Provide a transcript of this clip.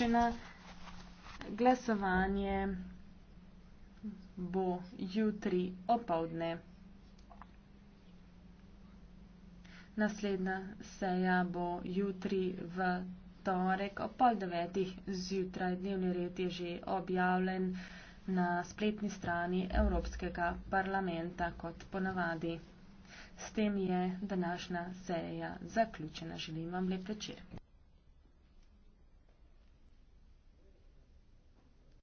Če na glasovanje bo jutri opovdne. Naslednja seja bo jutri v torek o pol devetih zjutraj. Dnevni red je že objavljen na spletni strani Evropskega parlamenta kot ponavadi. S tem je današnja seja zaključena. Želim vam lep večer.